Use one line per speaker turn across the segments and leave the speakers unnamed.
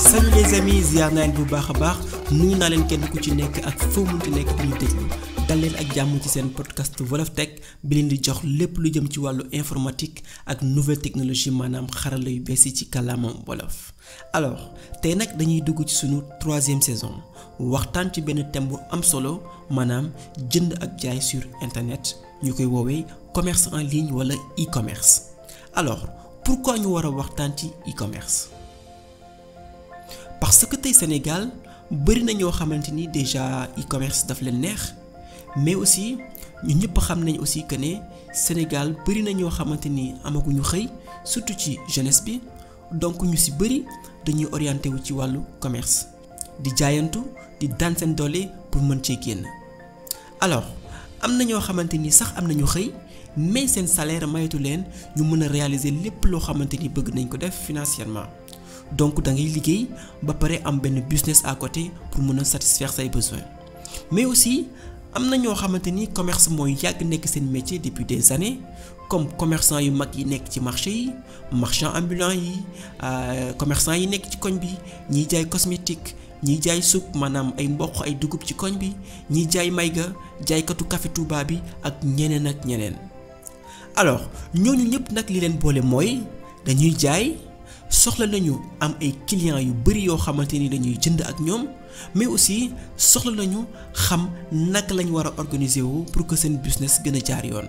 salut les amis ziar bu baax a baax nuyu naa leen kenn ku ci nekk ak foo munti nekk di ñu déglu dal leen ak jàmm ci seen podcast Wolof Tech bi leen di jox lépp lu jëm ci wàllu informatique ak nouvelle technologie maanaam xarala yu bees ci kàllaamam wolof. alors tey nag dañuy dugg ci sunu troisième saison waxtaan ci benn thème bu am solo maanaam jënd ak jaay sur internet ñu koy woowee commerce en ligne wala e-commerce alors pourquoi ñu war a waxtaan ci e-commerce parce que Sénégal bëri na ñoo xamante déjà e-commerce daf mais aussi ñu ñëpp aussi que le Sénégal bëri na ñoo xamante ni amaguñu surtout ci jeunesse bi donc ñu dañuy orienté wu ci commerce di jaayantu di daan seen doole pour mën alors am na ñoo mais seen salaire réalisé leen ñu Nous a réaliser lépp loo financièrement donc da ngay liggéey ba pare am benn business à côté pour mën a satisfaire say besoins mais aussi am na ñoo xamante ni commerce mooy yàgg nekk seen métier depuis des années comme commerçant yu mag yi nekk ci marché yi marchand ambulant yi euh, commerçant yi nekk ci koñ bi ñiy jaay cosmétique ñiy jaay supp maanaam ay mboq ay dugub ci koñ bi ñiy jaay mayga jaaykatu café Touba bi ak ñeneen ak ñeneen alors ñooñu ñëpp nag li leen boole mooy dañuy jaay soxla nañu am ay clients yu bari yoo xamante ni dañuy jënd ak ñoom mais aussi soxla nañu xam naka lañ war a organiser wu pour que seen business gën a jaar yoon.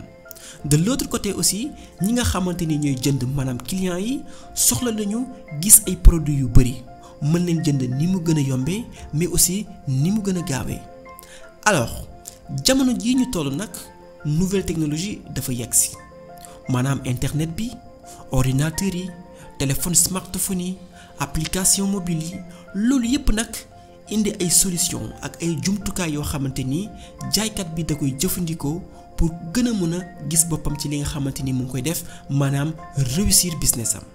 de l'autre côté aussi ñi nga xamante ni ñooy jënd maanaam clients yi soxla nañu gis ay produits yu bari mën leen jënd ni mu gën a yombee mais aussi ni mu gën a gaawee alors jamono ji ñu toll nag nouvelle technologie dafa yegg si maanaam internet bi ordinateur yi. téléphone smartphone yi application mobile yi loolu yépp nag indi ay solution ak ay jumtukaay yoo xamante ni jaaykat bi da koy jëfandikoo pour gën a mën a gis boppam ci li nga xamante ni mu ngi koy def maanaam réussir business am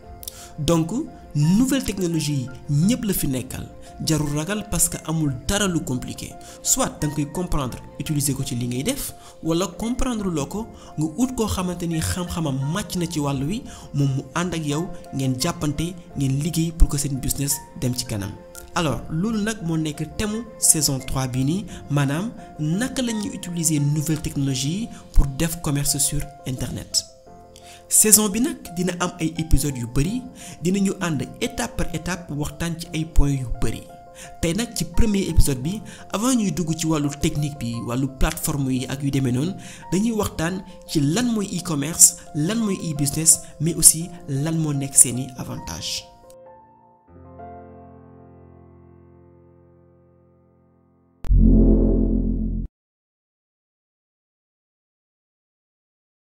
donc nouvelle technologie yi ñëpp la fi nekkal jarul ragal parce que amul dara lu compliqué soit da nga koy comprendre utiliser ko ci li ngay def wala comprendre loo ko nga ut koo xamante ni xam-xamam màcc na ci wàll wi moom mu ànd ak yow ngeen jàppante ngeen liggéey pour que seen business dem ci kanam. alors loolu nag moo nekk temu saison 3 bii nii maanaam naka utiliser nouvelle technologie pour def commerce sur internet saison bi nag dina am ay épisodes yu bëri dinañu ànd étape par étape waxtaan ci ay points yu bëri tey nag ci premier épisode bi avant ñuy dugg ci wàllu technique bi wàllu plateforme yi ak yu demee noonu dañuy waxtaan ci lan mooy e-commerce lan mooy e-business mais aussi lan moo nekk seeni avantage